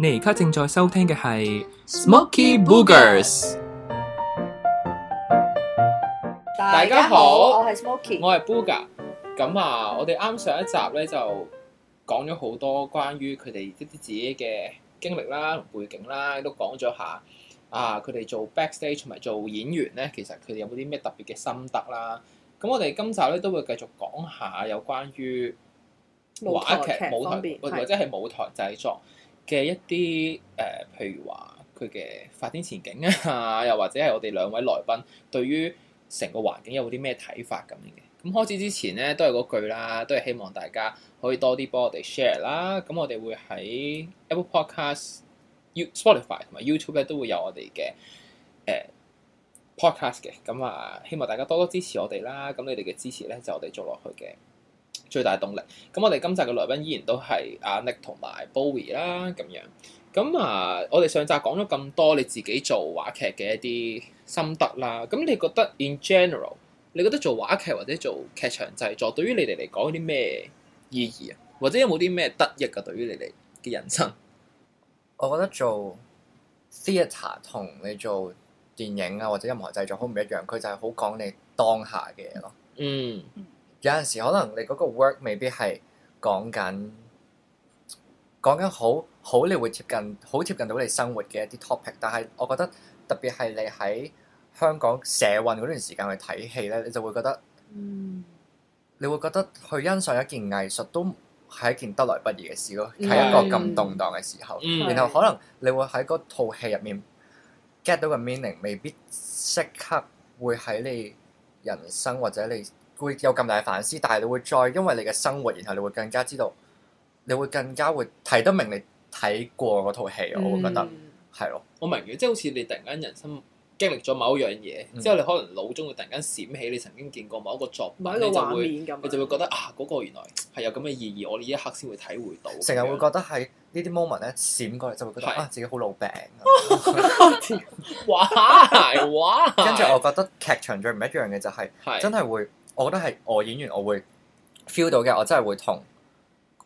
你而家正在收聽嘅係 Smoky Boogers。大家好，我係 Smoky，我係 Booger。咁啊，我哋啱上一集咧就講咗好多關於佢哋一啲自己嘅經歷啦、背景啦，亦都講咗下。啊，佢哋做 backstage 同埋做演員咧，其實佢哋有冇啲咩特別嘅心得啦？咁我哋今集咧都會繼續講下有關於話劇、舞台，或者係舞台製作。嘅一啲誒、呃，譬如話佢嘅發展前景啊， 又或者係我哋兩位來賓對於成個環境有冇啲咩睇法咁嘅。咁開始之前咧，都係嗰句啦，都係希望大家可以多啲幫我哋 share 啦。咁我哋會喺 Apple Podcast you, Spotify, you、U Spotify 同埋 YouTube 咧都會有我哋嘅誒 podcast 嘅。咁啊，希望大家多多支持我哋啦。咁你哋嘅支持咧就是、我哋做落去嘅最大動力，咁我哋今集嘅來賓依然都係阿 Nic 同埋 Bowie 啦，咁樣。咁啊，我哋上集講咗咁多你自己做話劇嘅一啲心得啦，咁你覺得 in general，你覺得做話劇或者做劇場製作對於你哋嚟講有啲咩意義啊？或者有冇啲咩得益啊？對於你哋嘅人生，我覺得做 theatre 同你做電影啊或者任何製作好唔一樣，佢就係好講你當下嘅嘢咯。嗯。有陣時可能你嗰個 work 未必係講緊講緊好好，你會貼近好貼近到你生活嘅一啲 topic。但係我覺得特別係你喺香港社運嗰段時間去睇戲咧，你就會覺得、嗯、你會覺得去欣賞一件藝術都係一件得來不易嘅事咯。喺、嗯、一個咁動盪嘅時候，嗯、然後可能你會喺嗰套戲入面 get 到個 meaning，未必即刻會喺你人生或者你。會有咁大嘅反思，但係你會再因為你嘅生活，然後你會更加知道，你會更加會睇得明你睇過嗰套戲。嗯、我會覺得係咯，我明嘅，即係好似你突然間人生經歷咗某一樣嘢，嗯、之後你可能腦中會突然間閃起你曾經見過某一個作品，你就會你就會覺得啊，嗰、這個原來係有咁嘅意義，我呢一刻先會體會到。成日會覺得係呢啲 moment 咧，閃過嚟，就會覺得啊自己好老病。哇哇！跟住我覺得劇場最唔一樣嘅就係，真係會。我覺得係我演員，我會 feel 到嘅，我真係會同，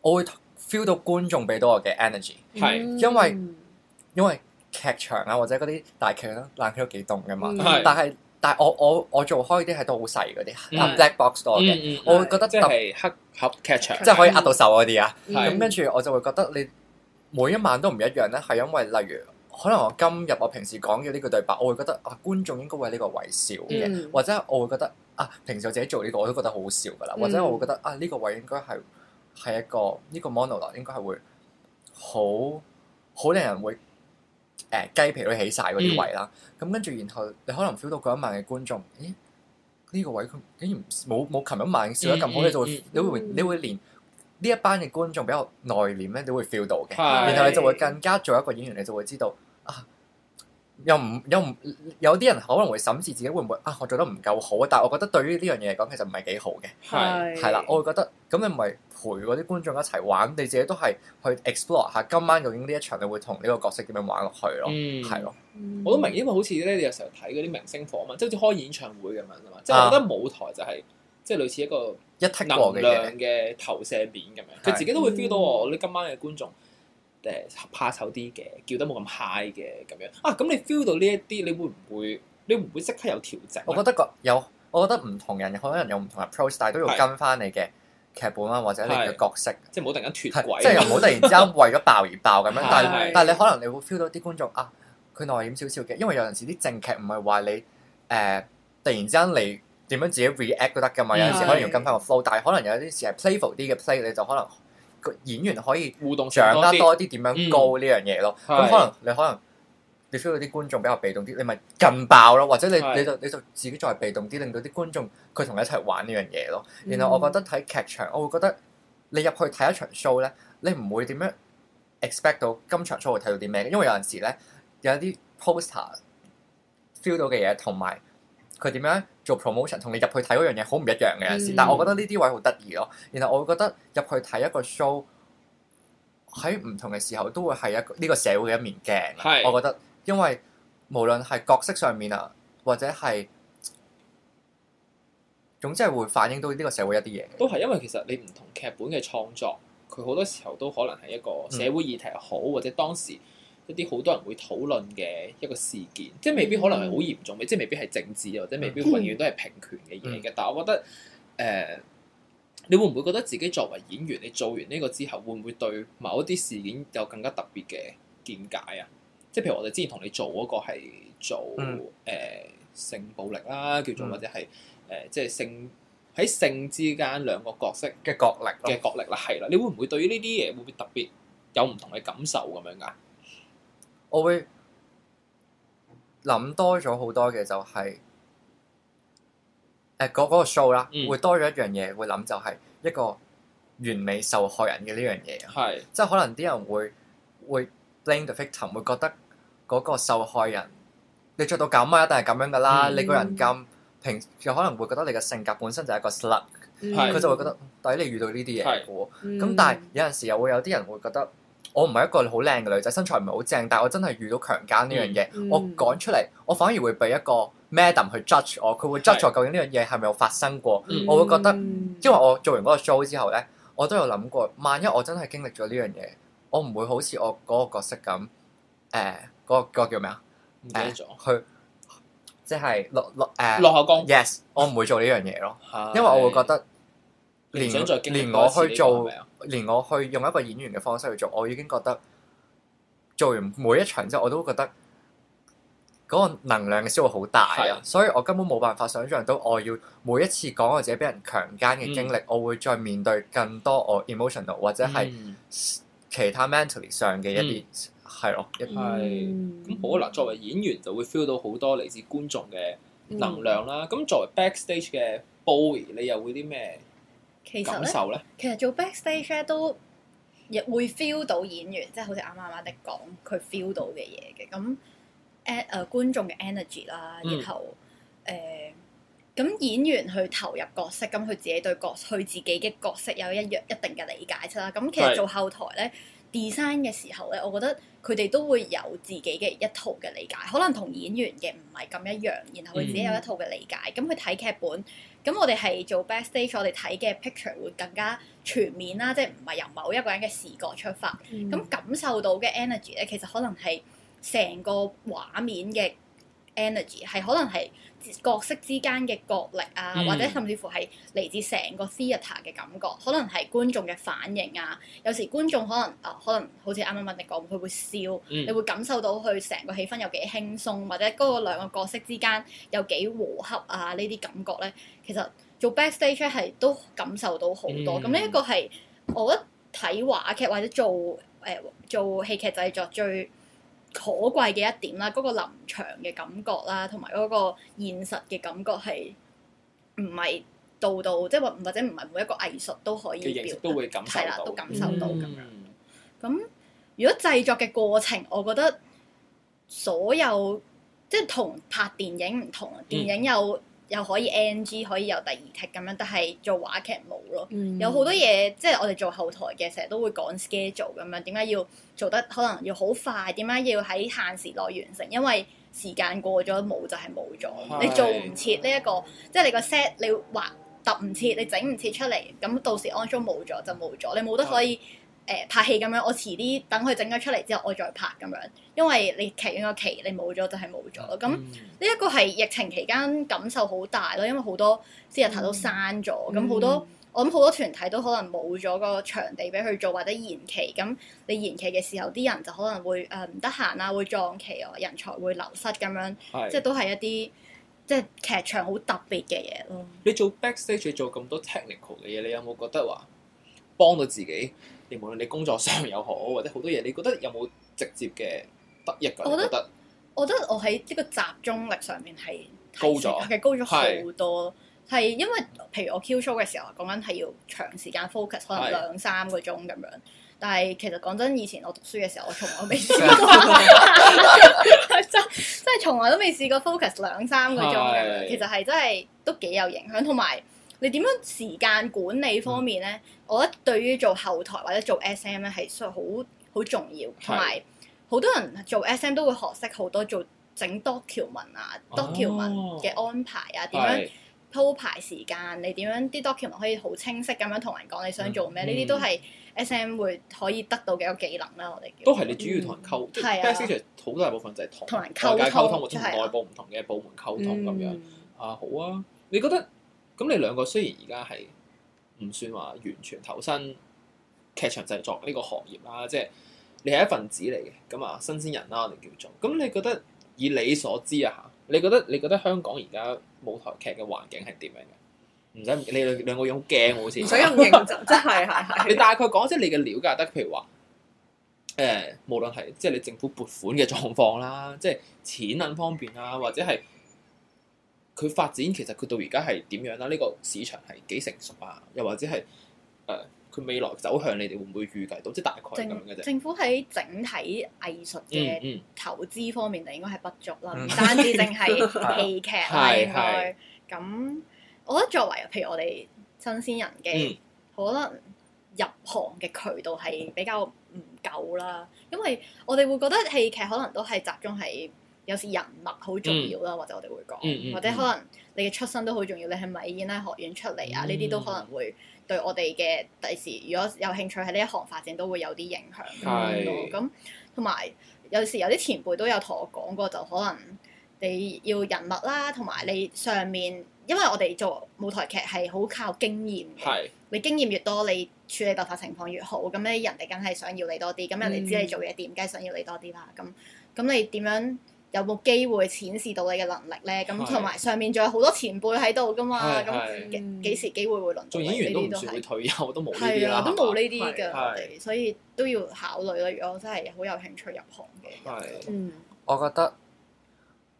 我會 feel 到觀眾俾到我嘅 energy，係是因為因為劇場啊，或者嗰啲大劇啦、啊，冷氣都幾凍㗎嘛。是但係但係我我我做開啲係都好細嗰啲，啊是 black box 多嘅。是我會覺得即係、就是、黑盒劇場，即係可以壓到手嗰啲啊，咁跟住我就會覺得你每一晚都唔一樣咧，係因為例如。可能我今日我平時講嘅呢句對白，我會覺得啊，觀眾應該喺呢個位笑嘅，嗯、或者我會覺得啊，平時我自己做呢、這個我都覺得好笑噶啦，嗯、或者我會覺得啊，呢、這個位應該係係一個呢、這個 monologue 應該係會好好令人會誒、呃、雞皮都起晒嗰啲位啦。咁跟住然後你可能 feel 到嗰一晚嘅觀眾，咦、欸？呢、這個位佢竟然冇冇琴日晚笑得咁好，你就會你會你會連。嗯嗯呢一班嘅觀眾比較內斂咧，你會 feel 到嘅。是然後你就會更加做一個演員，你就會知道啊，又唔又唔有啲人可能會審視自己會唔會啊，我做得唔夠好啊。但係我覺得對於呢樣嘢嚟講，其實唔係幾好嘅。係係啦，我會覺得咁你唔係陪嗰啲觀眾一齊玩，你自己都係去 explore 下今晚究竟呢一場你會同呢個角色點樣玩落去咯。嗯，係咯的，我都明，因為好似咧，你有時候睇嗰啲明星訪問嘛，即係好似開演唱會咁樣啊嘛，即係我覺得舞台就係即係類似一個。能量嘅投射面咁樣，佢自己都會 feel 到我。你今晚嘅觀眾，誒怕醜啲嘅，叫得冇咁 high 嘅咁樣。啊，咁你 feel 到呢一啲，你會唔會？你唔會即刻有調整？我覺得個有，我覺得唔同人，可能有唔同 approach，但係都要跟翻你嘅劇本啦，或者你嘅角色。即係冇突然間脱軌，即係又唔好突然之間為咗爆而爆咁樣。但係但係你可能你會 feel 到啲觀眾啊，佢內斂少少嘅，因為有陣時啲正劇唔係話你誒，突然之間你。點樣自己 react 都得噶嘛？有陣時可能要跟翻個 flow，但係可能有啲時係 playful 啲嘅 play，你就可能演員可以互動，掌握多啲點、嗯、樣高呢樣嘢咯。咁可能你，是的 你可能你 feel 到啲觀眾比較被動啲，你咪勁爆咯，或者你你就你就自己再被動啲，令到啲觀眾佢同你一齊玩呢樣嘢咯。然後我覺得睇劇場，我會覺得你入去睇一場 show 咧，你唔會點樣 expect 到今場 show 會睇到啲咩，因為有陣時咧有啲 poster feel 到嘅嘢同埋。佢點樣做 promotion，同你入去睇嗰樣嘢好唔一樣嘅陣時，嗯、但係我覺得呢啲位好得意咯。然後我會覺得入去睇一個 show，喺唔同嘅時候都會係一個呢、這個社會嘅一面鏡。是 我覺得，因為無論係角色上面啊，或者係總之係會反映到呢個社會一啲嘢。都係因為其實你唔同劇本嘅創作，佢好多時候都可能係一個社會議題好，嗯、或者當時。一啲好多人會討論嘅一個事件，即係未必可能係好嚴重嘅，嗯、即係未必係政治，或者未必永遠都係平權嘅嘢嘅。嗯、但係我覺得，誒、呃，你會唔會覺得自己作為演員，你做完呢個之後，會唔會對某一啲事件有更加特別嘅見解啊？即係譬如我哋之前同你做嗰個係做誒、嗯呃、性暴力啦，叫做或者係誒、呃、即係性喺性之間兩個角色嘅角力嘅、嗯、角力啦，係啦，你會唔會對於呢啲嘢會唔會特別有唔同嘅感受咁樣㗎？我會諗多咗好多嘅就係誒嗰嗰個 show 啦、嗯，會多咗一樣嘢，會諗就係一個完美受害人嘅呢樣嘢。係，是 即係可能啲人會會 blame the victim，會覺得嗰個受害人你着到咁啊，一定係咁樣噶啦。嗯、你個人咁平，又可能會覺得你嘅性格本身就係一個 slut，佢、嗯、就會覺得抵、嗯、你遇到呢啲嘢咁但係有陣時又會有啲人會覺得。我唔係一個好靚嘅女仔，身材唔係好正，但係我真係遇到強姦呢樣嘢，嗯嗯、我講出嚟，我反而會俾一個 Madam 去 judge 我，佢會 judge 我究竟呢樣嘢係咪有發生過？嗯、我會覺得，因為我做完嗰個 show 之後咧，我都有諗過，萬一我真係經歷咗呢樣嘢，我唔會好似我嗰個角色咁，誒、呃，嗰、嗰個、嗰個叫咩啊？唔去，即係落落誒，落口供。Yes，我唔會做呢樣嘢咯，因為我會覺得連，連連我去做。連我去用一個演員嘅方式去做，我已經覺得做完每一場之後，我都覺得嗰個能量嘅消耗好大啊！的所以我根本冇辦法想象到，我要每一次講我自己俾人強姦嘅經歷，嗯、我會再面對更多我 emotional 或者係其他 mentally 上嘅一啲係咯，一係咁好啦。作為演員就會 feel 到好多嚟自觀眾嘅能量啦。咁、嗯嗯、作為 backstage 嘅 boy，你又會啲咩？其實咧，其實做 backstage 咧都亦會 feel 到演員，即、就、係、是、好似啱啱啱啲講佢 feel 到嘅嘢嘅。咁 at 誒觀眾嘅 energy 啦，然後誒咁、嗯呃、演員去投入角色，咁佢自己對角佢自己嘅角色有一約一定嘅理解出啦。咁其實做後台咧 design 嘅時候咧，我覺得。佢哋都會有自己嘅一套嘅理解，可能同演員嘅唔係咁一樣，然後佢自己有一套嘅理解。咁佢睇劇本，咁我哋係做 backstage，我哋睇嘅 picture 會更加全面啦，即係唔係由某一個人嘅視角出發，咁、嗯、感受到嘅 energy 咧，其實可能係成個畫面嘅。energy 係可能係角色之間嘅角力啊，mm hmm. 或者甚至乎係嚟自成個 theatre 嘅感覺，可能係觀眾嘅反應啊。有時觀眾可能啊，可能好似啱啱問你講，佢會笑，mm hmm. 你會感受到佢成個氣氛有幾輕鬆，或者嗰個兩個角色之間有幾和洽啊，呢啲感覺咧，其實做 backstage 係都感受到好多。咁呢一個係我覺得睇話劇或者做誒、呃、做戲劇製作最可貴嘅一點啦，嗰、嗰個臨場嘅感覺啦，同埋嗰個現實嘅感覺係唔係度度，即係或或者唔係每一個藝術都可以嘅形式都會感受到，都感受到咁樣。咁、嗯、如果製作嘅過程，我覺得所有即係同拍電影唔同，電影有。又可以 NG，可以有第二 take 咁樣，但係做話劇冇咯。嗯、有好多嘢，即係我哋做後台嘅，成日都會講 schedule 咁樣。點解要做得可能要好快？點解要喺限時內完成？因為時間過咗冇就係冇咗。你做唔切呢一個，即係你個 set 你畫揼唔切，你整唔切出嚟，咁到時安裝冇咗就冇咗。你冇得可以。誒、呃、拍戲咁樣，我遲啲等佢整咗出嚟之後，我再拍咁樣。因為你劇院、就係、個期你冇咗就係冇咗。咁呢一個係疫情期間感受好大咯，因為好多啲日頭都刪咗，咁好、嗯、多我諗好多團體都可能冇咗個場地俾佢做，或者延期。咁你延期嘅時候，啲人就可能會誒唔得閒啦，會撞期哦，人才會流失咁樣，是即係都係一啲即係劇場好特別嘅嘢咯。你做 backstage，做咁多 technical 嘅嘢，你有冇覺得話幫到自己？無論你工作上又好，或者好多嘢，你覺得有冇直接嘅得益嘅？我覺得，我覺得我喺一個集中力上面係高咗了嘅，高咗好多。係是因為，譬如我 Q show 嘅時候，講緊係要長時間 focus，可能兩三個鐘咁樣。是但係其實講真，以前我讀書嘅時候，我從來未，真即係從來都未試過 focus 兩三個鐘。是其實係真係都幾有影響。同埋，你點樣時間管理方面咧？嗯我覺得對於做後台或者做 SM 咧係所好好重要，同埋好多人做 SM 都會學識好多做整 document 啊、document 嘅安排啊，點樣鋪排時間，你點樣啲 document 可以好清晰咁樣同人講你想做咩？呢啲、嗯嗯、都係 SM 會可以得到嘅一個技能啦，我哋都係你主要同人溝，嗯、即係 actually 好大部分就係同同人溝通，或者內部唔同嘅部門溝通咁樣、嗯、啊。好啊，你覺得咁你兩個雖然而家係。唔算話完全投身劇場製作呢個行業啦，即係你係一份子嚟嘅，咁啊新鮮人啦，我哋叫做。咁你覺得以你所知啊吓，你覺得你覺得香港而家舞台劇嘅環境係點樣嘅？唔使你兩兩個樣好驚，好似唔使咁認 真，即係係係。你大概講即係你嘅了解，得譬如話，誒、呃，無論係即係你政府撥款嘅狀況啦，即係錢銀方面啊，或者係。佢發展其實佢到而家係點樣啦？呢、這個市場係幾成熟啊？又或者係誒佢未來走向，你哋會唔會預計到？即係大概咁樣嘅啫。政府喺整體藝術嘅投資方面就、嗯嗯、應該係不足啦，唔單止淨係戲劇係去。咁、嗯、 我覺得作為譬如我哋新鮮人嘅，嗯、可能入行嘅渠道係比較唔夠啦。因為我哋會覺得戲劇可能都係集中喺。有時人脈好重要啦，或者我哋會講，或者可能你嘅出身都好重要，嗯、你係咪演藝學院出嚟啊？呢啲、嗯、都可能會對我哋嘅第時如果有興趣喺呢一行發展都會有啲影響咯。咁同埋有時有啲前輩都有同我講過，就可能你要人脈啦，同埋你上面，因為我哋做舞台劇係好靠經驗嘅，是你經驗越多，你處理突發情況越好，咁咧人哋梗係想要你多啲，咁人哋知你做嘢掂，梗係想要你多啲啦。咁咁、嗯、你點樣？有冇機會展示到你嘅能力咧？咁同埋上面仲有好多前輩喺度噶嘛？咁幾是時機會會輪到你？做、嗯、演員都唔會退休，都冇呢啲。係啊，都冇呢啲㗎，所以都要考慮啦。如果真係好有興趣入行嘅，是是 嗯，我覺得。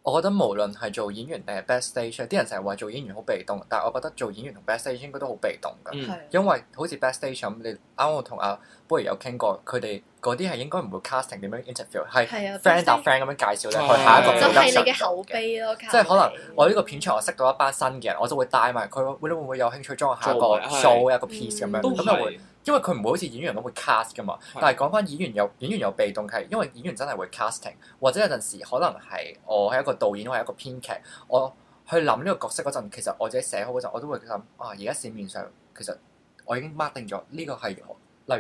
我覺得無論係做演員定係，best station 啲人成日話做演員好被動，但係我覺得做演員同 best stage 應該都好被動㗎，嗯、因為好似 best station 咁、啊，你啱啱我同阿 Bowie 有傾過，佢哋嗰啲係應該唔會 casting 點樣 interview，係 friend 搭 friend 咁樣介紹咧去、啊、下一個。就係你嘅口碑咯。即係可能我呢個片場我識到一班新嘅人，啊、我就會帶埋佢會會唔會有興趣做下一個 show、啊啊啊、一個 piece 咁、嗯、是樣，咁又會。因為佢唔會好似演員咁會 cast 噶嘛，但係講翻演員有演員有被動係，因為演員真係會 casting，或者有陣時可能係我係一個導演，我係一個編劇，我去諗呢個角色嗰陣，其實我自己寫好嗰陣，我都會諗啊，而家市面上其實我已經 mark 定咗呢個係，例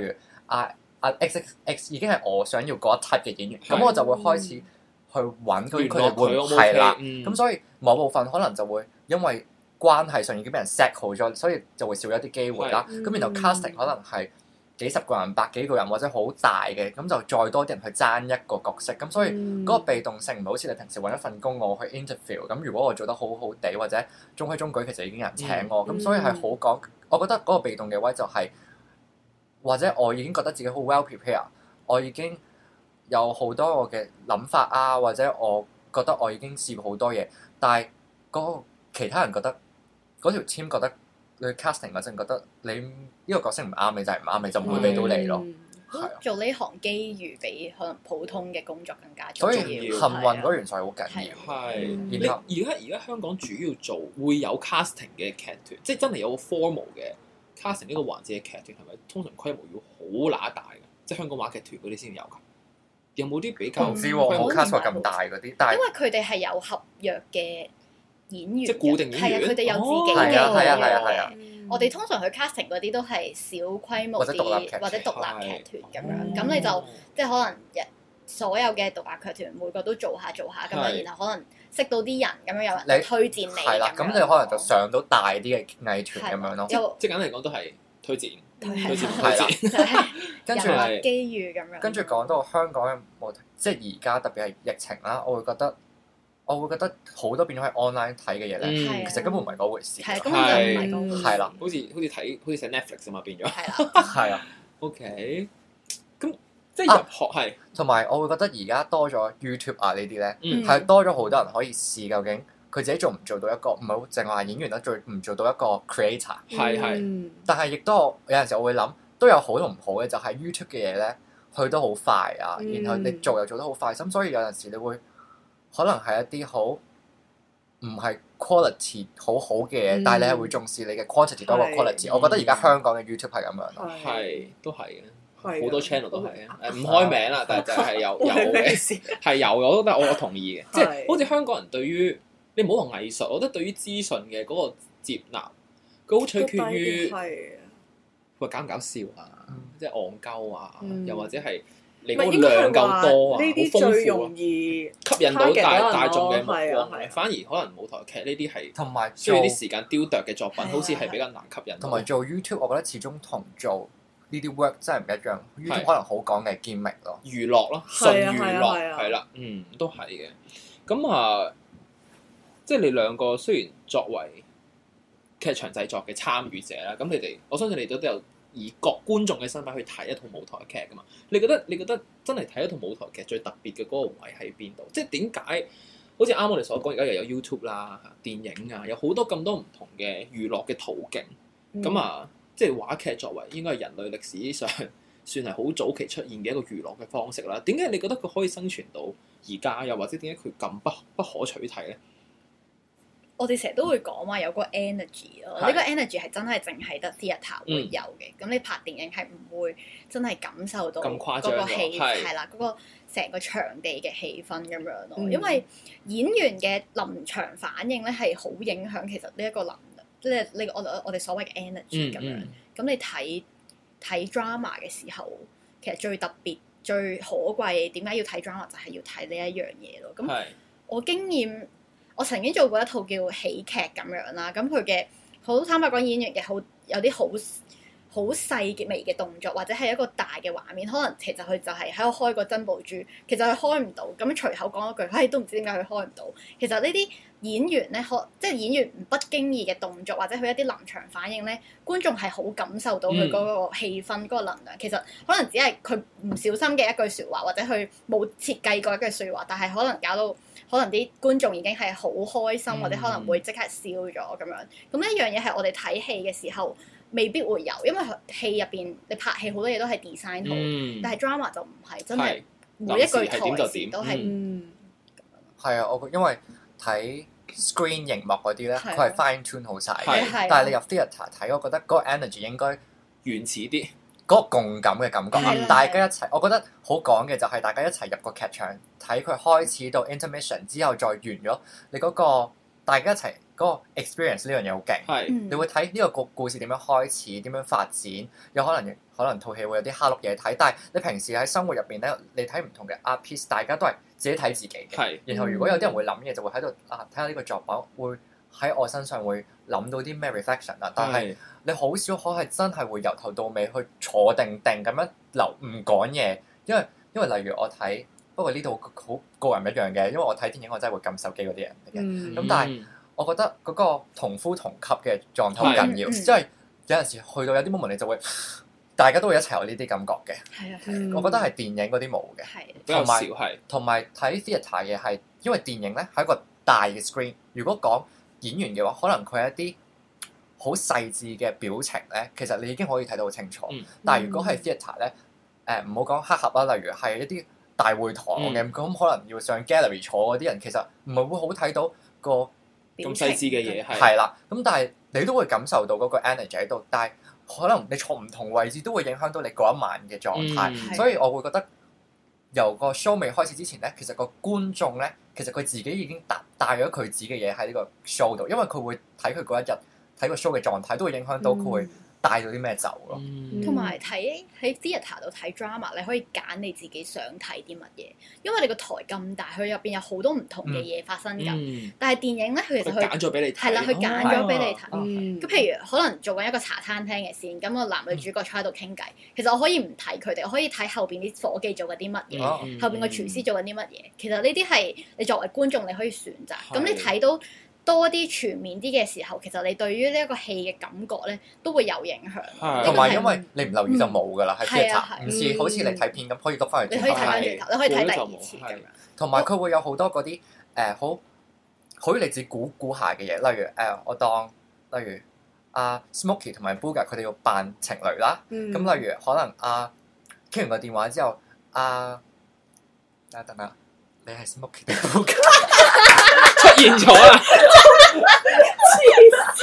如啊阿、啊、X, X X 已經係我想要嗰一 type 嘅演員，咁的我就會開始去揾佢，佢就係啦，咁了、嗯、所以某部分可能就會因為。關係上已經俾人 set 好咗，所以就會少咗一啲機會啦。咁的、嗯、然後 casting 可能係幾十個人、百幾個人或者好大嘅，咁就再多啲人去爭一個角色。咁所以嗰個被動性唔、嗯、好似你平時揾一份工我去 interview。咁如果我做得好好地或者中規中矩，其實已經有人請我。咁、嗯、所以係好講，我覺得嗰個被動嘅位就係、是、或者我已經覺得自己好 well prepared，我已經有好多我嘅諗法啊，或者我覺得我已經試過好多嘢，但係嗰其他人覺得。嗰條 team 覺得你 casting 嗰陣覺得你呢個角色唔啱，你就係唔啱，你就唔會俾到你咯。做呢行機遇比可能普通嘅工作更加重要，幸運嗰元素係好緊要。係，然後而家而家香港主要做會有 casting 嘅劇團，即係真係有 formal 嘅 casting 呢個環節嘅劇團，係咪通常規模要好乸大嘅？即係香港話劇團嗰啲先有㗎。有冇啲比較好 cast 咁大嗰啲？但係因為佢哋係有合約嘅。演員，即係固定演員。佢哋有自己嘅。係啊，係啊，係啊，我哋通常去 casting 嗰啲都係小規模啲，或者獨立劇團咁樣。咁你就即係可能，所有嘅獨立劇團每個都做下做下咁樣，然後可能識到啲人咁樣，有人嚟推薦你。係啦，咁你可能就上到大啲嘅藝團咁樣咯。即係簡單嚟講，都係推薦，推薦，推薦。跟住係機遇咁樣。跟住講到香港，即係而家特別係疫情啦，我會覺得。我會覺得好多變咗喺 online 睇嘅嘢咧，其實根本唔係嗰回事，係啦，好似好似睇好似睇 Netflix 啊嘛變咗，係啊，OK，咁即係入學係同埋我會覺得而家多咗 YouTube 啊呢啲咧，係多咗好多人可以試究竟佢自己做唔做到一個唔係淨話演員啦，做唔做到一個 creator，係係，但係亦都有陣時我會諗都有好同唔好嘅，就係 YouTube 嘅嘢咧，去得好快啊，然後你做又做得好快，咁所以有陣時你會。可能係一啲好唔係 quality 好好嘅嘢，但係你係會重視你嘅 quantity 多過 quality。我覺得而家香港嘅 YouTube 係咁樣囉，係都係嘅，好多 channel 都係啊，誒唔開名啦，但係係有有嘅，係有我都，但我同意嘅，即係好似香港人對於你唔好同藝術，我覺得對於資訊嘅嗰個接納，佢好取決於，話搞唔搞笑啊，即係戇鳩啊，又或者係。你個量夠多啊，好豐富啊，呢啲最容易吸引到大大眾嘅目光，反而可能舞台劇呢啲係同埋需要啲時間雕琢嘅作品，好似係比較難吸引到。同埋做 YouTube，我覺得始終同做呢啲 work 真係唔一樣。YouTube 可能好講嘅 gimmick 咯，娛樂咯，純娛樂係啦，嗯，都係嘅。咁啊，即係你兩個雖然作為劇場製作嘅參與者啦，咁你哋我相信你哋都有。以各觀眾嘅身份去睇一套舞台劇㗎嘛？你覺得你覺得真係睇一套舞台劇最特別嘅嗰個位喺邊度？即係點解好似啱我哋所講，而家又有 YouTube 啦、電影啊，有好多咁多唔同嘅娛樂嘅途徑咁、嗯、啊？即係話劇作為應該係人類歷史上算係好早期出現嘅一個娛樂嘅方式啦。點解你覺得佢可以生存到而家？又或者點解佢咁不不可取替呢？我哋成日都會講話有個 energy 咯是，呢個 energy 係真係淨係得 theatre 會有嘅。咁、嗯、你拍電影係唔會真係感受到嗰個氣，係啦嗰 個成個場地嘅氣氛咁樣咯。嗯、因為演員嘅臨場反應咧係好影響其實呢、這、一個能，即係你我我哋所謂嘅 energy 咁樣。咁、嗯嗯、你睇睇 drama 嘅時候，其實最特別、最可貴，點解要睇 drama 就係要睇呢一樣嘢咯。咁我經驗。我曾經做過一套叫喜劇咁樣啦，咁佢嘅好坦白講，演員嘅好有啲好好細微嘅動作，或者係一個大嘅畫面，可能其實佢就係喺度開個珍寶珠，其實佢開唔到，咁樣隨口講一句，唉、哎，都唔知點解佢開唔到。其實呢啲演員咧，可即係演員唔不，不經意嘅動作，或者佢一啲臨場反應咧，觀眾係好感受到佢嗰個氣氛、嗰、嗯、個能量。其實可能只係佢唔小心嘅一句説話，或者佢冇設計過一句説話，但係可能搞到。可能啲觀眾已經係好開心，嗯、或者可能會即刻笑咗咁樣。咁呢一樣嘢係我哋睇戲嘅時候未必會有，因為戲入邊你拍戲好多嘢都係 design 好。嗯、但係 drama 就唔係，是真係每一句台都係。係、嗯嗯、啊，我因為睇 screen 熒幕嗰啲咧，佢係 fine tune 好晒。但係你入 theatre 睇，我覺得嗰個 energy 應該原始啲。嗰個共感嘅感覺，mm hmm. 大家一齊，我覺得好講嘅就係大家一齊入個劇場睇佢開始到 intermission 之後再完咗，那個，你嗰個大家一齊嗰個 experience 呢樣嘢好勁。Mm hmm. 你會睇呢個故故事點樣開始，點樣發展，有可能可能套戲會有啲哈碌嘢睇，但係你平時喺生活入邊咧，你睇唔同嘅 art piece，大家都係自己睇自己嘅。Mm hmm. 然後如果有啲人會諗嘢，就會喺度啊睇下呢個作品會。喺我身上會諗到啲咩 reflection 啊？但係你好少可係真係會由頭到尾去坐定定咁樣留唔講嘢，因為因為例如我睇不過呢度好個人一樣嘅，因為我睇電影我真係會撳手機嗰啲人嚟嘅。咁、嗯嗯、但係我覺得嗰個同呼同吸嘅狀態好緊要，即係、嗯、有陣時去到有啲 moment 你就會大家都會一齊有呢啲感覺嘅。係啊、嗯、我覺得係電影嗰啲冇嘅，比較少係同埋睇 theater 嘅係因為電影咧係一個大嘅 screen，如果講，演員嘅話，可能佢一啲好細緻嘅表情咧，其實你已經可以睇到好清楚。嗯、但係如果係 theater 咧，誒唔好講黑盒啦、啊，例如係一啲大會堂嘅，咁、嗯、可能要上 gallery 坐嗰啲人，其實唔係會好睇到、個咁細緻嘅嘢係啦。咁、嗯、的但係你都會感受到嗰個 energy 喺度，但係可能你坐唔同位置都會影響到你嗰一晚嘅狀態，嗯、所以我會覺得。由個 show 未開始之前咧，其實個觀眾咧，其實佢自己已經帶帶咗佢自己嘅嘢喺呢個 show 度，因為佢會睇佢嗰一日睇個 show 嘅狀態，都會影響到佢。嗯帶咗啲咩走咯，同埋睇喺 theatre 度睇 drama，你可以揀你自己想睇啲乜嘢，因為你個台咁大，佢入邊有好多唔同嘅嘢發生㗎。嗯嗯、但係電影咧，佢其實佢揀咗俾你睇啦，佢揀咗俾你睇。咁譬如可能做緊一個茶餐廳嘅先，咁個男女主角坐喺度傾偈，嗯、其實我可以唔睇佢哋，我可以睇後邊啲伙計做緊啲乜嘢，嗯、後邊個廚師做緊啲乜嘢。其實呢啲係你作為觀眾你可以選擇。咁你睇到的多啲全面啲嘅時候，其實你對於呢一個戲嘅感覺咧，都會有影響。同埋的因為你唔留意就冇㗎喇，喺視察唔似好似你睇片咁，可以碌翻嚟。你可以睇你的可以睇第二次，同埋佢會有好多嗰啲誒好可以嚟自估估下嘅嘢，例如誒、呃，我當例如阿、啊、Smoky 同埋 Booger 佢哋要扮情侶啦。咁、嗯、例如可能啊，傾完個電話之後，啊，等等，你係 Smoky 定 Booger？隱咗啦！氣死！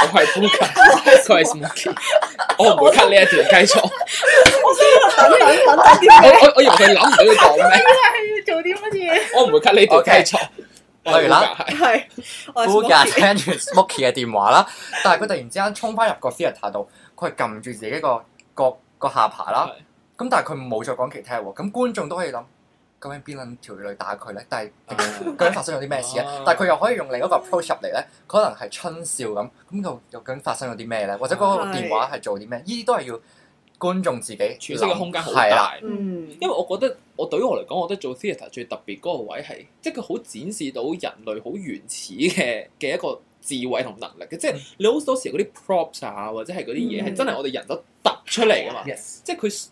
我快呼 u t 快 Smoky！哦，我 cut 呢 一條，計錯。我以 我佢諗唔到嘅講咩？做點乜嘢？我唔會 cut 呢條，計錯。例如啦，係 g u y 住 s m o 嘅電話啦， 但係佢突然之間衝翻入個 villa 度，佢係撳住自己一個個個下巴啦。咁 但係佢冇再講其他喎。咁觀眾都可以諗。究竟邊兩條女打佢咧？但係究竟發生咗啲咩事咧？啊、但係佢又可以用另一個 approach 入嚟咧，可能係春笑咁，咁又究竟發生咗啲咩咧？或者嗰個電話係做啲咩？呢啲都係要觀眾自己揣測嘅空間好大。嗯嗯、因為我覺得我對於我嚟講，我覺得做 theatre 最特別嗰個位係，即係佢好展示到人類好原始嘅嘅一個智慧同能力嘅，即係、嗯、你好多時嗰啲 props 啊，或者係嗰啲嘢係真係我哋人都突出嚟噶嘛，嗯 yes. yes. 即係佢。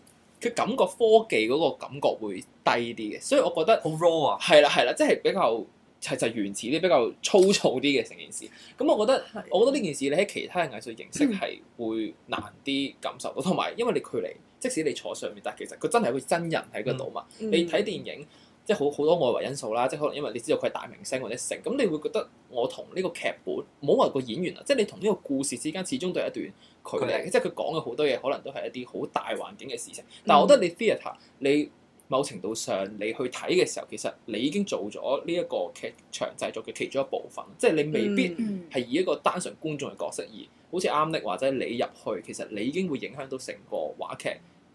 佢感覺科技嗰個感覺會低啲嘅，所以我覺得好 raw 啊，係啦係啦，即係比較係就原始啲、比較粗糙啲嘅成件事。咁我覺得，的我覺得呢件事你喺其他嘅藝術形式係會難啲感受到，同埋因為你距離，即使你坐上面，但係其實佢真係一個真人喺嗰度嘛。嗯、你睇電影。嗯嗯即係好好多外圍因素啦，即係可能因為你知道佢係大明星或者成，咁你會覺得我同呢個劇本，冇話個演員啊，即係你同呢個故事之間始終都係一段距離，的即係佢講嘅好多嘢，可能都係一啲好大環境嘅事情。但係我覺得你 theater 你某程度上你去睇嘅時候，其實你已經做咗呢一個劇場製作嘅其中一部分，即係你未必係以一個單純觀眾嘅角色而，好似啱啲或者你入去，其實你已經會影響到成個話劇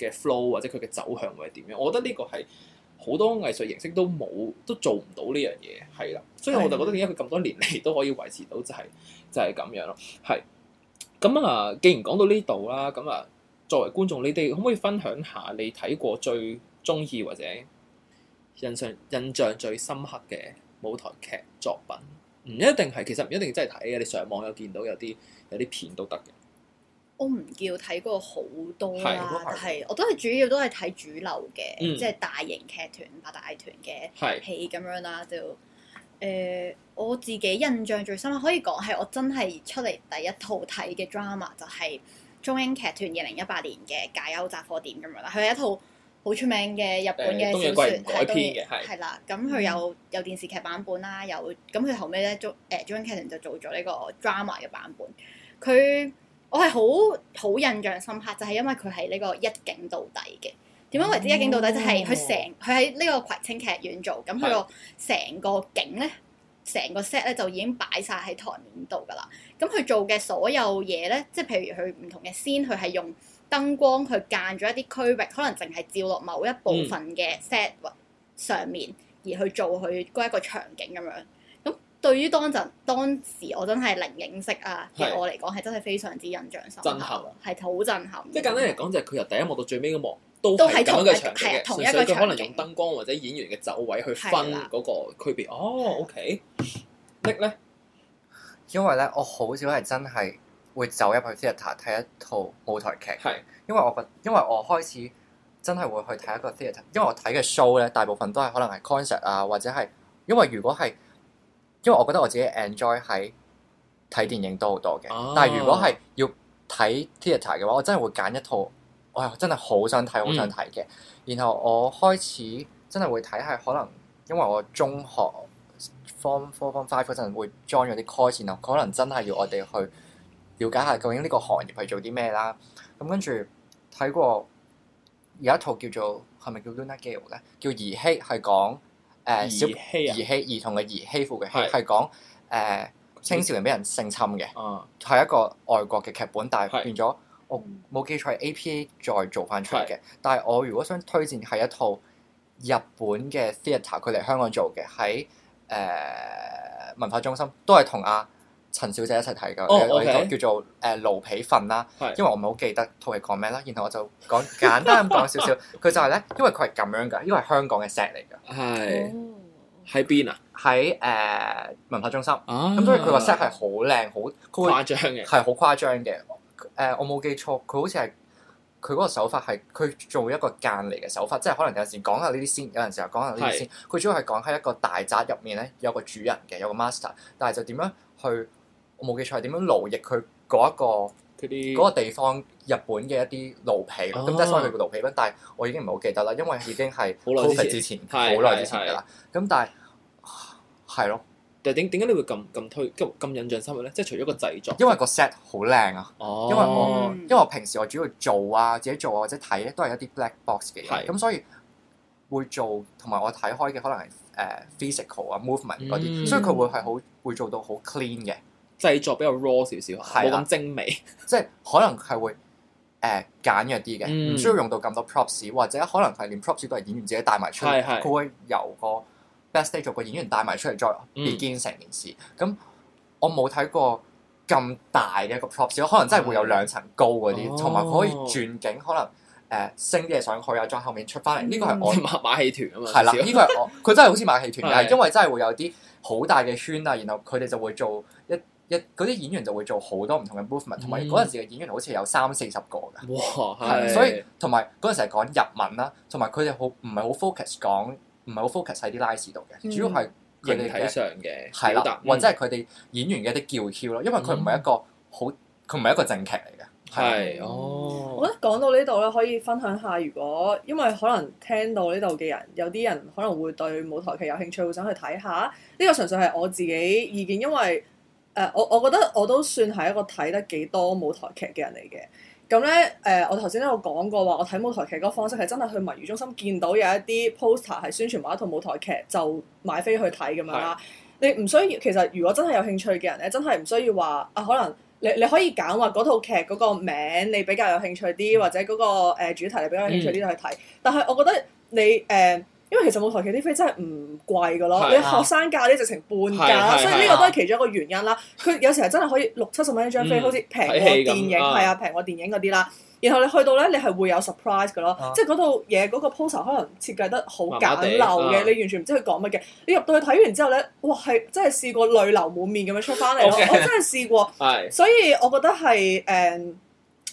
嘅 flow 或者佢嘅走向或者點樣，我覺得呢個係。好多藝術形式都冇，都做唔到呢樣嘢，係啦。所以我就覺得點解佢咁多年嚟都可以維持到，就係，就係就係咁樣咯。係咁啊。既然講到呢度啦，咁啊，作為觀眾，你哋可唔可以分享下你睇過最中意或者印象印象最深刻嘅舞台劇作品？唔一定係，其實唔一定真係睇嘅。你上網有見到有啲有啲片都得嘅。都唔叫睇過好多啦，係的我都係主要都係睇主流嘅，即係、嗯、大型劇團、八大團嘅戲咁樣啦。的就誒、呃，我自己印象最深可以講係我真係出嚟第一套睇嘅 drama 就係中英劇團二零一八年嘅《解憂雜貨店》咁樣啦。佢係一套好出名嘅日本嘅小説、呃、改編嘅，係啦。咁佢、嗯、有有電視劇版本啦，有咁佢後尾咧中誒中英劇團、呃、就做咗呢個 drama 嘅版本，佢。我係好好印象深刻，就係因為佢係呢個一景到底嘅。點樣為之一景到底？就係佢成佢喺呢個葵青劇院做，咁佢個成個景咧，成個 set 咧就已經擺晒喺台面度噶啦。咁佢做嘅所有嘢咧，即係譬如佢唔同嘅先，佢係用燈光去間咗一啲區域，可能淨係照落某一部分嘅 set 上面，mm. 而去做佢嗰一個場景咁樣。對於當陣當時我真係零認識啊，對我嚟講係真係非常之印象深刻，震撼，係好震撼。即簡單嚟講，就係佢由第一幕到最尾一幕都係咁嘅場景，所以佢可能用燈光或者演員嘅走位去分嗰個區別。的哦的，OK，呢？因為咧，我好少係真係會走入去 theatre 睇一套舞台劇，係的因為我因為我開始真係會去睇一個 theatre，因為我睇嘅 show 咧，大部分都係可能係 concert 啊，或者係，因為如果係。因為我覺得我自己 enjoy 喺睇電影多好多嘅，哦、但係如果係要睇 theatre 嘅話，我真係會揀一套我係真係好想睇、好想睇嘅。嗯、然後我開始真係會睇係可能因為我中學 form four form five 嗰陣會 join 咗啲 course，然後可能真係要我哋去了解下究竟呢個行業去做啲咩啦。咁跟住睇過有一套叫做係咪叫，叫《Luna Gale》咧，叫兒戲係講。誒小兒欺兒童嘅兒欺負嘅，係講誒青少年俾人性侵嘅，係、uh, 一個外國嘅劇本，但係變咗我冇記錯係 A P A 再做翻出嚟嘅。的但係我如果想推薦係一套日本嘅 theatre，佢嚟香港做嘅，喺誒、uh, 文化中心，都係同阿。陳小姐一齊睇㗎，oh, okay. 叫做誒蘆、呃、皮粉啦，是因為我唔係好記得同佢講咩啦。然後我就講簡單咁講少少，佢 就係咧，因為佢係咁樣㗎，因為香港嘅 set 嚟㗎。係喺邊啊？喺誒、oh. 呃、文化中心。咁所以佢個 set 係好靚，好誇張嘅，係好誇張嘅。誒、呃、我冇記錯，佢好似係佢嗰個手法係佢做一個間離嘅手法，即係可能有陣時講下呢啲先，有陣時候講下呢啲先。佢是主要係講喺一個大宅入面咧有個主人嘅，有,個,有個 master，但係就點樣去？冇記錯係點樣奴役佢嗰一個嗰些個地方日本嘅一啲奴婢，咁即係所謂嘅奴婢啦。但係我已經唔係好記得啦，因為已經係好耐之前，好耐之前啦。咁是但係係咯，但係點點解你會咁咁推咁咁印象深刻咧？即、就、係、是、除咗個製作，因為個 set 好靚啊。哦、因為我因為我平時我主要做啊，自己做啊，或者睇咧、啊、都係一啲 black box 嘅嘢，咁是所以會做同埋我睇開嘅可能係誒、uh, physical 啊 movement 嗰啲，嗯、所以佢會係好會做到好 clean 嘅。製作比較 raw 少少，冇咁、啊、精美，即係可能係會誒、呃、簡約啲嘅，唔、嗯、需要用到咁多 props，或者可能係連 props 都係演員自己帶埋出嚟。佢、嗯嗯、會由個 best day 做個演員帶埋出嚟再 b 建建成件事。咁我冇睇過咁大嘅一個 props，可能真係會有兩層高嗰啲，同埋、嗯哦、可以轉景，可能誒、呃、升啲嘢上去啊，再後面出翻嚟。呢個係我馬戲團啊，係啦，呢個係我佢真係好似馬戲團嘅， 因為真係會有啲好大嘅圈啊，然後佢哋就會做一。嗰啲演員就會做好多唔同嘅 movement，同埋嗰陣時嘅演員好似有三四十個㗎。哇！係是，所以同埋嗰陣時係講日文啦，同埋佢哋好唔係好 focus 講，唔係好 focus 喺啲 lines 度嘅，嗯、主要係形體上嘅，係啦了，或者係佢哋演員嘅一啲叫囂咯，因為佢唔係一個好，佢唔係一個正劇嚟嘅。係哦，我覺得講到呢度咧，可以分享下，如果因為可能聽到呢度嘅人，有啲人可能會對舞台劇有興趣，會想去睇下。呢、呢個純粹係我自己意見，因為。誒，uh, 我我覺得我都算係一個睇得幾多舞台劇嘅人嚟嘅。咁咧，誒、呃，我頭先都有講過話，我睇舞台劇嗰個方式係真係去文娛中心見到有一啲 poster 係宣傳某一套舞台劇，就買飛去睇咁樣啦。的你唔需要，其實如果真係有興趣嘅人咧，真係唔需要話啊。可能你你可以揀話嗰套劇嗰個名你比較有興趣啲，或者嗰、嗰個、呃、主題你比較有興趣啲去睇。嗯、但係我覺得你誒。呃因為其實舞台劇啲飛真係唔貴噶咯，你學生價啲直情半價，所以呢個都係其中一個原因啦。佢有時係真係可以六七十蚊一張飛，好似平過電影係啊，平過電影嗰啲啦。然後你去到咧，你係會有 surprise 噶咯，即係嗰套嘢嗰個 poster 可能設計得好簡陋嘅，你完全唔知佢講乜嘅。你入到去睇完之後咧，哇係，真係試過淚流滿面咁樣出翻嚟咯，我真係試過。所以我覺得係誒。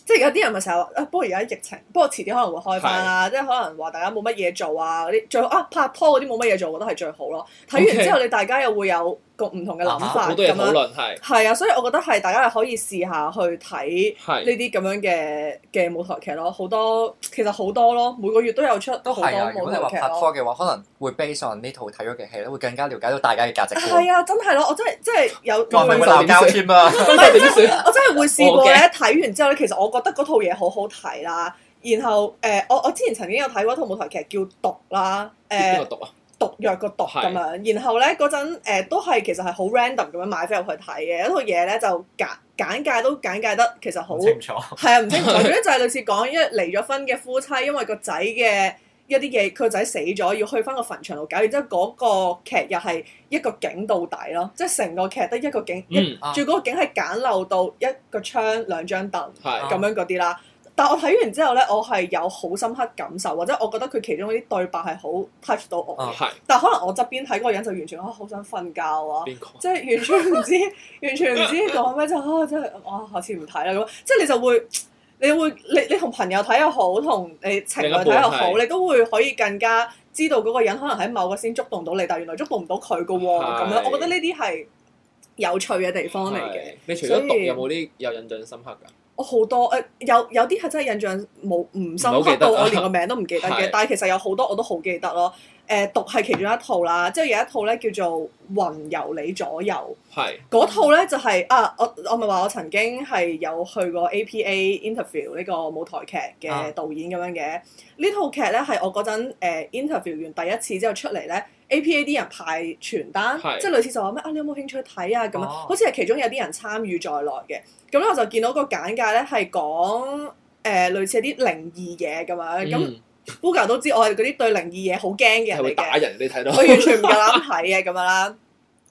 即係有啲人咪成日話，不過而家疫情，不過遲啲可能會開翻的啊！即係可能話大家冇乜嘢做啊，嗰啲最好啊拍拖嗰啲冇乜嘢做，我覺得係最好咯。睇完之後，你大家又會有。Okay. 個唔同嘅諗法咁、啊、樣，係啊，所以我覺得係大家係可以試下去睇呢啲咁樣嘅嘅舞台劇咯。好多其實好多咯，每個月都有出都好多舞台劇，如果你話拍拖嘅話，可能會 based on 呢套睇咗嘅戲咧，會更加了解到大家嘅價值觀。係啊，真係咯，我真係真係有。話明會鬧交添啊！ 是 我真係會試過咧。睇 Okay. 完之後咧，其實我覺得嗰套嘢好好睇啦。然後誒、呃，我我之前曾經有睇過一套舞台劇叫《毒》啦。誒邊個毒啊？呃、啊？約個讀咁樣，然後咧嗰陣都係其實係好 random 咁樣買飛入去睇嘅一套嘢咧，就簡簡介都簡介得其實好，係啊唔清楚，咁樣就係類似講一離咗婚嘅夫妻，因為個仔嘅一啲嘢，佢個仔死咗，要去翻個墳場度搞，然之後嗰個劇又係一個景到底咯，即係成個劇得一個景，嗯，啊、一住嗰個景係簡陋到一個窗兩張凳，係咁、嗯啊、樣嗰啲啦。但我睇完之後咧，我係有好深刻感受，或者我覺得佢其中啲對白係好 touch 到我。啊、但可能我側邊睇嗰個人就完全、啊、好想瞓覺啊，個即係完全唔知， 完全唔知講咩，就啊真係啊，下次唔睇啦咁。即係你就會，你會你你同朋友睇又好，同你情人睇又好，你都會可以更加知道嗰個人可能喺某個先觸動到你，但係原來觸動唔到佢嘅喎。咁是樣我覺得呢啲係有趣嘅地方嚟嘅。以你除咗讀有冇啲有，有印象深刻㗎？我好多誒、呃，有有啲係真係印象冇唔深刻到，我連個名都唔記得嘅。 是的 但係其實有好多我都好記得咯。誒讀係其中一套啦，即係有一套咧叫做《雲遊你左右》。係是。嗰套咧就係、是、啊，我我咪話我曾經係有去過 APA interview 呢個舞台劇嘅導演咁樣嘅。啊、套劇呢套劇咧係我嗰陣、呃、interview 完第一次之後出嚟咧，APA 啲人派傳單，是即係類似就話咩啊，你有冇興趣睇啊咁樣？哦、好似係其中有啲人參與在內嘅。咁咧我就見到個簡介咧係講誒類似啲靈異嘢咁樣咁。Mm. b o g a 都知，我係嗰啲對靈異嘢好驚嘅，係會打人，你睇到 我完全唔夠膽睇嘅咁樣啦。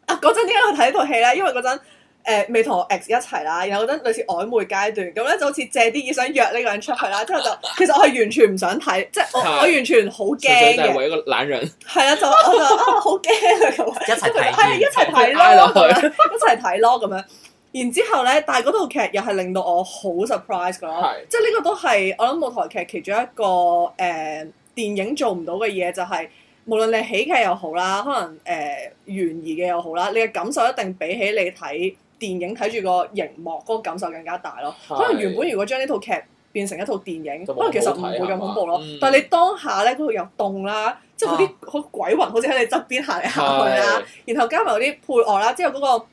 啊，嗰陣點解去睇呢套戲咧？因為嗰陣、呃、未同 ex 一齊啦，然後嗰陣類似曖昧階段，咁咧就好似借啲嘢想約呢個人出去啦。之後就其實我係完全唔想睇，即係我的我完全好驚嘅，純純就係為一個懶人。係啦， 就我就啊好驚啊，咁一齊睇，係啊一齊睇咯，一齊睇咯咁樣。 然之後咧，但係嗰套劇又係令到我好 surprise 噶，是即係呢個都係我諗舞台劇其中一個誒、呃、電影做唔到嘅嘢、就係，就係無論你喜劇又好啦，可能誒懸疑嘅又好啦，你嘅感受一定比起你睇電影睇住個熒幕嗰個感受更加大咯。是可能原本如果將呢套劇變成一套電影，可能其實唔會咁恐怖咯。嗯、但係你當下咧嗰度又凍啦，即係嗰啲好鬼魂、啊、好似喺你側邊行嚟行去啦、啊，是然後加埋嗰啲配樂啦，之後嗰、嗰個。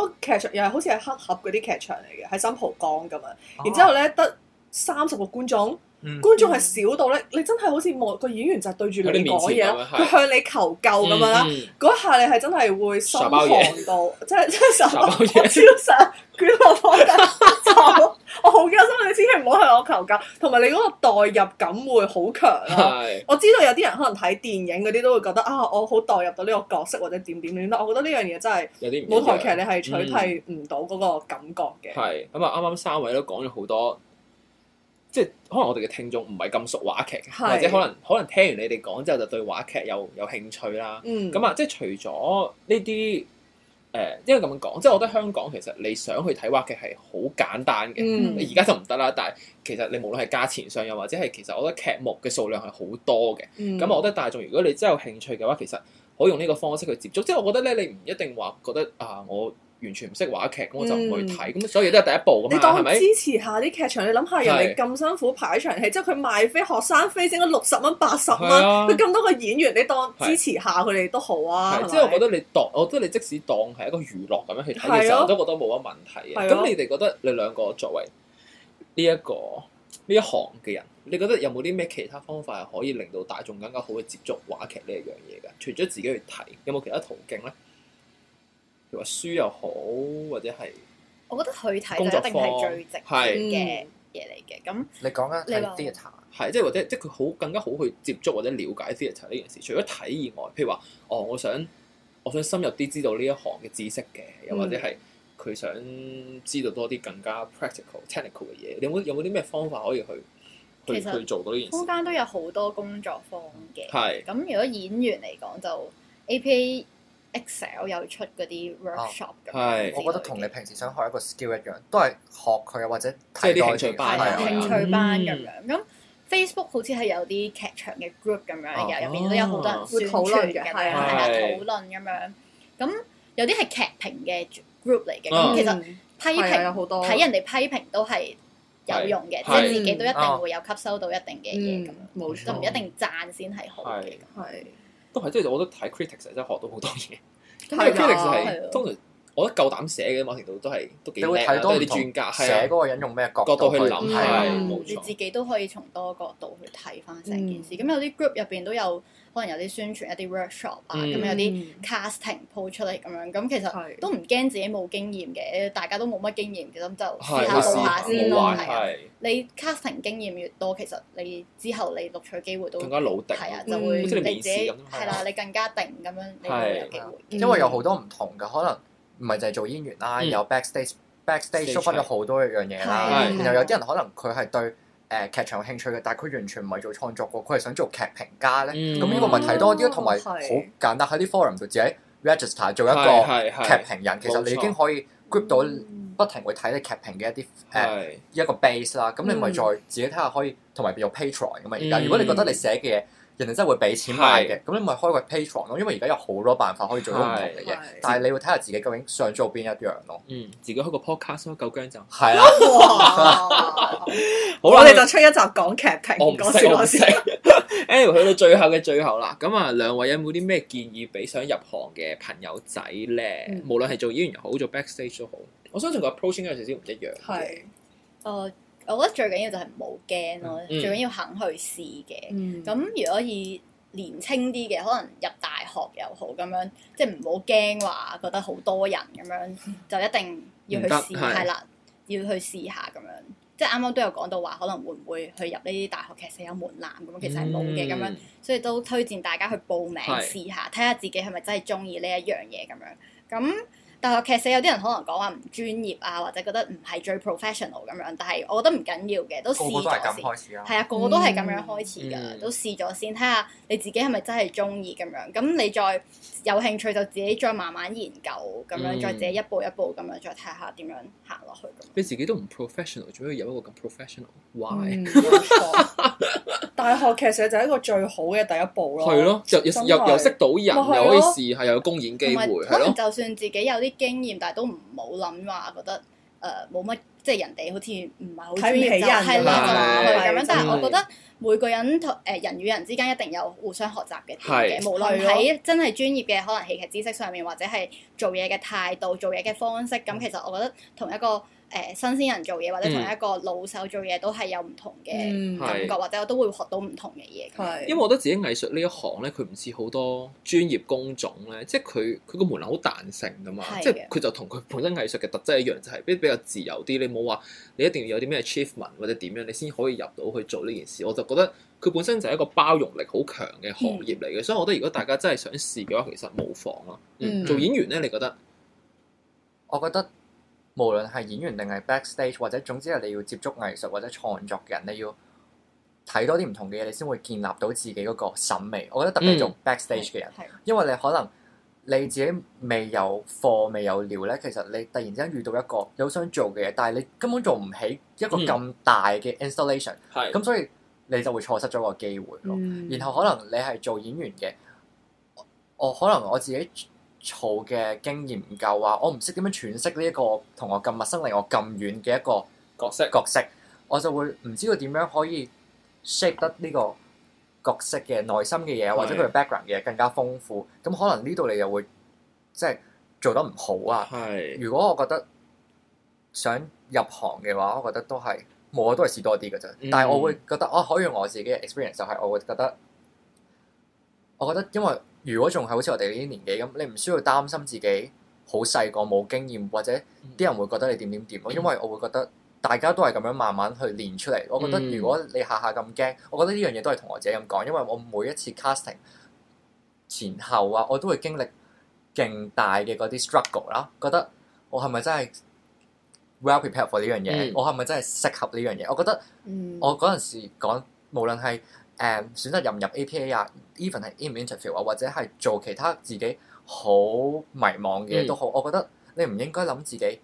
個劇場又係好似係黑盒嗰啲劇場嚟嘅，喺新蒲崗咁樣，然之後咧得三十個觀眾。觀眾係少到咧，你真係好似望個演員就係對住你講嘢，佢向你求救咁樣啦，嗰下你係真係會心寒到，即係即係手超想捲落放低，我好驚心你千祈唔好向我求救，同埋你嗰個代入感會好強啦。我知道有啲人可能睇電影嗰啲都會覺得啊，我好代入到呢個角色或者點點點啦。我覺得呢樣嘢真係舞台劇你係取替唔到嗰個感覺嘅。係咁啊，啱啱三位都講咗好多。即係可能我哋嘅聽眾唔係咁熟話劇，是或者可能可能聽完你哋講之後就對話劇有有興趣啦。咁啊、嗯，即係除咗呢啲誒，因為咁樣講，即係我覺得香港其實你想去睇話劇係好簡單嘅。你而家、嗯、就唔得啦，但係其實你無論係價錢上，又或者係其實我覺得劇目嘅數量係好多嘅。咁、嗯、我覺得大眾如果你真係有興趣嘅話，其實可以用呢個方式去接觸。即係我覺得咧，你唔一定話覺得啊，我，完全唔識話劇咁我就唔去睇，咁、嗯、所以都係第一步。咁你當支持下啲劇場，吧你諗下人哋咁辛苦排場戲，之後佢賣飛學生飛，先得六十蚊八十蚊，佢咁、啊、多個演員，你當支持下佢哋都好啊。即係我覺得你當，我覺得你即使當係一個娛樂咁樣去睇、啊、其實我都覺得冇乜問題嘅。咁、啊、你哋覺得你兩個作為呢、這、一個呢一行嘅人，你覺得有冇啲咩其他方法係可以令到大眾更加好嘅接觸話劇呢一樣嘢嘅？除咗自己去睇，有冇其他途徑咧？話書又好，或者係我覺得去睇就一定係最值嘅嘢嚟嘅。咁、嗯、那你講緊睇 theatre 係即係或者即係佢好更加好去接觸或者了解 theatre 呢件事。除咗睇以外，譬如話哦，我想我想深入啲知道呢一行嘅知識嘅，又或者係佢想知道多啲更加 practical technical 嘅嘢。你有冇有冇啲咩方法可以去去實去做到呢件事？空間都有好多工作坊嘅，係咁的。如果演員嚟講就 APA。的的 Excel 有出嗰啲 workshop 嘅，係我覺得同你平時想學一個 skill 一樣，都係學佢或者睇係啲興趣班、興趣班咁樣。咁 Facebook 好似係有啲劇場嘅 group 咁樣嘅，入面都有好多人宣傳嘅，大家討論咁樣。咁有啲係劇評嘅 group 嚟嘅，咁其實批評好多睇人哋批評都係有用嘅，即係自己都一定會有吸收到一定嘅嘢咁樣，就唔一定讚先係好嘅。係。都係，即係我覺得睇 critics 真係學到好多嘢。咁啊，critics 係通常。我覺得夠膽寫嘅某程度都係都幾叻，都係啲專家寫嗰個人用咩角度去諗，係啊，你自己都可以從多角度去睇翻成件事。咁有啲 group 入邊都有可能有啲宣傳一啲 workshop 啊，咁有啲 casting po 出嚟咁樣。咁其實都唔驚自己冇經驗嘅，大家都冇乜經驗嘅咁就試下做下先咯，係。你 casting 經驗越多，其實你之後你錄取機會都更加老定，係啊，就會自己係啦，你更加定咁樣你會有機會，因為有好多唔同嘅可能。唔係就係做演員啦，有 backstage，backstage 縮翻咗好多一樣嘢啦。然後有啲人可能佢係對誒劇場有興趣嘅，但係佢完全唔係做創作喎，佢係想做劇評家咧。咁呢個問題多啲，同埋好簡單喺啲 forum 度自己 register 做一個劇評人，其實你已經可以 group 到不停會睇你劇評嘅一啲誒一個 base 啦。咁你咪再自己睇下可以同埋變做 patron 咁樣。而家如果你覺得你寫嘅嘢，人哋真係會俾錢買嘅，咁你咪開個 Patreon 咯，因為而家有好多辦法可以做到唔同嘅嘢，但係你會睇下自己究竟想做邊一樣咯。嗯，自己開個 podcast 夠薑就係啦。好啦，我哋就出一集講劇評，我唔識我唔識。Anyway，去到最後嘅最後啦，咁啊，兩位有冇啲咩建議俾想入行嘅朋友仔咧？無論係做演員好，做 backstage 都好，我相信個 approaching 有少少唔一樣。係。誒。我覺得最緊要就係唔好驚咯，嗯、最緊要肯去試嘅。咁、嗯、如果以年輕啲嘅，可能入大學又好，咁樣即係唔好驚話覺得好多人咁樣，就一定要去試係啦，要去試下咁樣。即係啱啱都有講到話，可能會唔會去入呢啲大學劇社有門檻咁，其實係冇嘅咁樣，所以都推薦大家去報名試下，睇下是自己係咪真係中意呢一樣嘢咁樣咁。但係劇社有啲人可能講話唔專業啊，或者覺得唔係最 professional 咁樣，但係我覺得唔緊要嘅，都試咗先。係啊，個個都係咁樣開始㗎，都試咗先，睇下你自己係咪真係中意咁樣。咁你再有興趣就自己再慢慢研究咁樣，嗯、再自己一步一步咁樣，再睇下點樣行落去。你自己都唔 professional，仲要有一個咁 professional？Why？、嗯 大學其實就係一個最好嘅第一步咯，係咯，又又又識到人，又可以試下有公演機會，係咯。的的就算自己有啲經驗，但係都唔好諗話覺得誒冇乜，即係人哋好似唔係好專業。咁樣，對但係我覺得每個人同誒、呃、人與人之間一定有互相學習嘅，係對無論喺真係專業嘅可能戲劇知識上面，或者係做嘢嘅態度、做嘢嘅方式。咁其實我覺得同一個，誒、呃、新鮮人做嘢或者同一個老手做嘢、嗯、都係有唔同嘅感覺，是或者我都會學到唔同嘅嘢。是因為我覺得自己藝術呢一行，呢佢唔似好多專業工種呢，即係佢佢個門口好彈性噶嘛。的即係佢就同佢本身藝術嘅特質一樣，就係、是、比比較自由啲。你冇話你一定要有啲咩 achievement 或者點樣，你先可以入到去做呢件事。我就覺得佢本身就係一個包容力好強嘅行業嚟嘅，嗯、所以我覺得如果大家真係想試嘅話，其實冇妨咯、啊。嗯嗯、做演員呢，你覺得？我覺得。無論係演員定係 backstage，或者總之係你要接觸藝術或者創作嘅人，你要睇多啲唔同嘅嘢，你先會建立到自己嗰個審美。我覺得特別做 backstage 嘅人，嗯、因為你可能你自己未有貨、未有料呢，其實你突然之間遇到一個有想做嘅嘢，但係你根本做唔起一個咁大嘅 installation，咁、嗯、所以你就會錯失咗個機會咯。嗯、然後可能你係做演員嘅，我可能我自己。儲嘅經驗唔夠啊！我唔識點樣詮釋呢一個同我咁陌生、離我咁遠嘅一個角色角色，我就會唔知道點樣可以 shape 得呢個角色嘅內心嘅嘢，是或者佢嘅 background 嘅嘢更加豐富。咁可能呢度你又會即係、就是、做得唔好啊！是如果我覺得想入行嘅話，我覺得都係冇、都係試多啲嘅啫。嗯、但係我會覺得我、啊、可以用我自己嘅 experience，就係、是、我會覺得我覺得因為。如果仲係好似我哋呢啲年紀咁，你唔需要擔心自己好細個冇經驗，或者啲人會覺得你點點點。因為我會覺得大家都係咁樣慢慢去練出嚟。我覺得如果你下下咁驚，我覺得呢樣嘢都係同我自己咁講。因為我每一次 casting 前後啊，我都會經歷勁大嘅嗰啲 struggle 啦。覺得我係咪真係 well prepared for 呢樣嘢？我係咪真係適合呢樣嘢？我覺得我嗰陣時講，無論係。誒、um, 選擇入唔入 APA 啊，even 係 interview 啊，或者係做其他自己好迷茫嘅嘢都好、嗯，我適適，我覺得你唔應該諗自己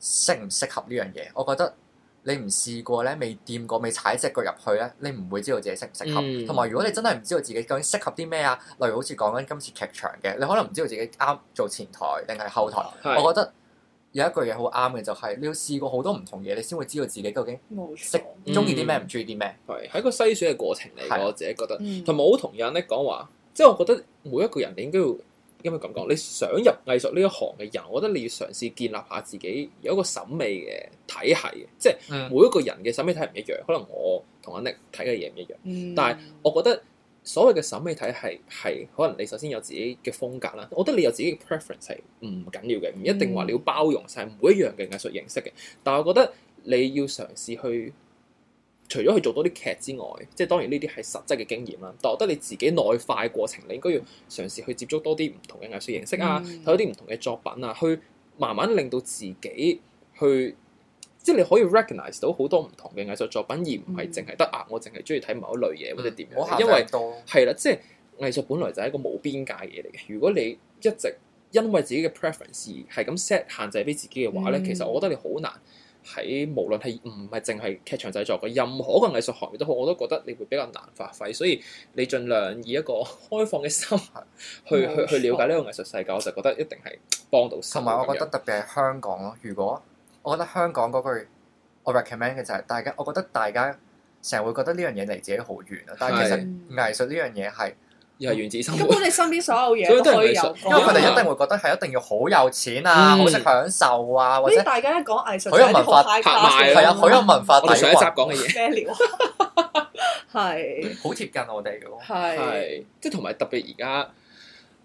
適唔適合呢樣嘢。我覺得你唔試過咧，未掂過，未踩隻腳入去咧，你唔會知道自己適唔適合。同埋、嗯、如果你真係唔知道自己究竟適合啲咩啊，例如好似講緊今次劇場嘅，你可能唔知道自己啱做前台定係後台，嗯嗯、我覺得。有一句嘢好啱嘅就係你要試過好多唔同嘢，你先會知道自己究竟，冇中意啲咩唔中意啲咩，係喺、嗯、個篩選嘅過程嚟、啊、我自己覺得，同埋我好同意阿 Nic 講話，即係我、就是、我覺得每一個人你應該要因為咁講，嗯、你想入藝術呢一行嘅人，我覺得你要嘗試建立下自己有一個審美嘅體系，即、就、係、是、每一個人嘅審美體系唔一樣。可能我同阿 Nic 睇嘅嘢唔一樣，嗯、但係我覺得。所謂嘅審美體系，係可能你首先有自己嘅風格啦，我覺得你有自己嘅 preference 係唔緊要嘅，唔一定話你要包容晒每一樣嘅藝術形式嘅。但係我覺得你要嘗試去除咗去做多啲劇之外，即係當然呢啲係實質嘅經驗啦。但我覺得你自己內化過程，你應該要嘗試去接觸多啲唔同嘅藝術形式啊，睇多啲唔同嘅作品啊，去慢慢令到自己去。即係你可以 recognize 到好多唔同嘅藝術作品，而唔係淨係得啊，嗯、我淨係中意睇某一類嘢或者點樣，嗯、因為係啦，嗯，即係藝術本來就係一個冇邊界嘅嘢嚟嘅。如果你一直因為自己嘅 preference 係咁 set 限制俾自己嘅話咧，嗯、其實我覺得你好難喺無論係唔係淨係劇場製作嘅任何個藝術行業都好，我都覺得你會比較難發揮。所以你盡量以一個開放嘅心去，哦哦，去去了解呢個藝術世界，我就覺得一定係幫到。同埋我覺得特別係香港咯，如果。我覺得香港嗰句，我 recommend 嘅就係大家，我覺得大家成日會覺得呢樣嘢離自己好遠啊，但係其實藝術呢樣嘢係，係源自生，根本你身邊所有嘢都係藝術，因為佢哋一定會覺得係一定要好有錢啊，嗯、好識享受啊，或者大家一講藝術，好有文化格啊，好有文化底。上一集講嘅嘢，係好 是貼近我哋嘅、啊，係即係同埋特別而家。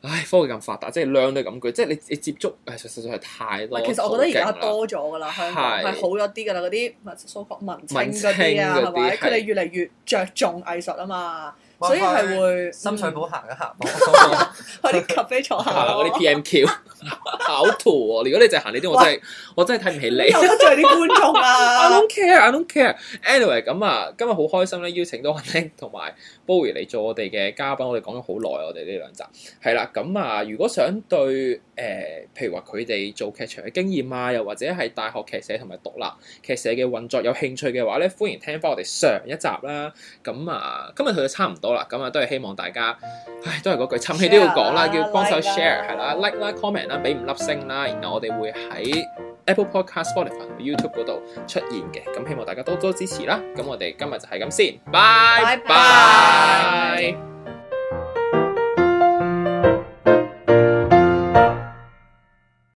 唉、哎，科技咁發達，即係量都咁巨，即係你你接觸，唉、哎、實實在係太多，其實我覺得而家多咗噶啦，香港係好咗啲噶啦，嗰啲文文青嗰啲啊，係咪、啊？佢哋的的越嚟越着重藝術啊嘛。哇所以係會深水埗行一行，去啲 咖啡坐下，嗰啲 PMQ，好土喎、哦！如果你淨係行呢啲，喂我真係我真係睇唔起你。都係啲觀眾啊 ！I don't care, I don't care. Anyway，咁啊，今日好開心咧，邀請到阿 Nic 同埋 Bowie 嚟做我哋嘅嘉賓。我哋講咗好耐，我哋呢兩集係啦。咁啊，如果想對誒、呃，譬如話佢哋做劇場嘅經驗啊，又或者係大學劇社同埋獨立劇社嘅運作有興趣嘅話咧，歡迎聽翻我哋上一集啦。咁啊，今日同佢差唔多。好啦，咁、嗯、啊都係希望大家，唉都係嗰句，沉氣都要講啦，啊、叫幫手 share 係啦，like 啦，comment 啦，俾五粒星啦、啊，然後我哋會喺 Apple Podcast、Spotify、YouTube 嗰度出現嘅，咁、嗯、希望大家多多支持啦。咁我哋今日就係咁先，拜拜。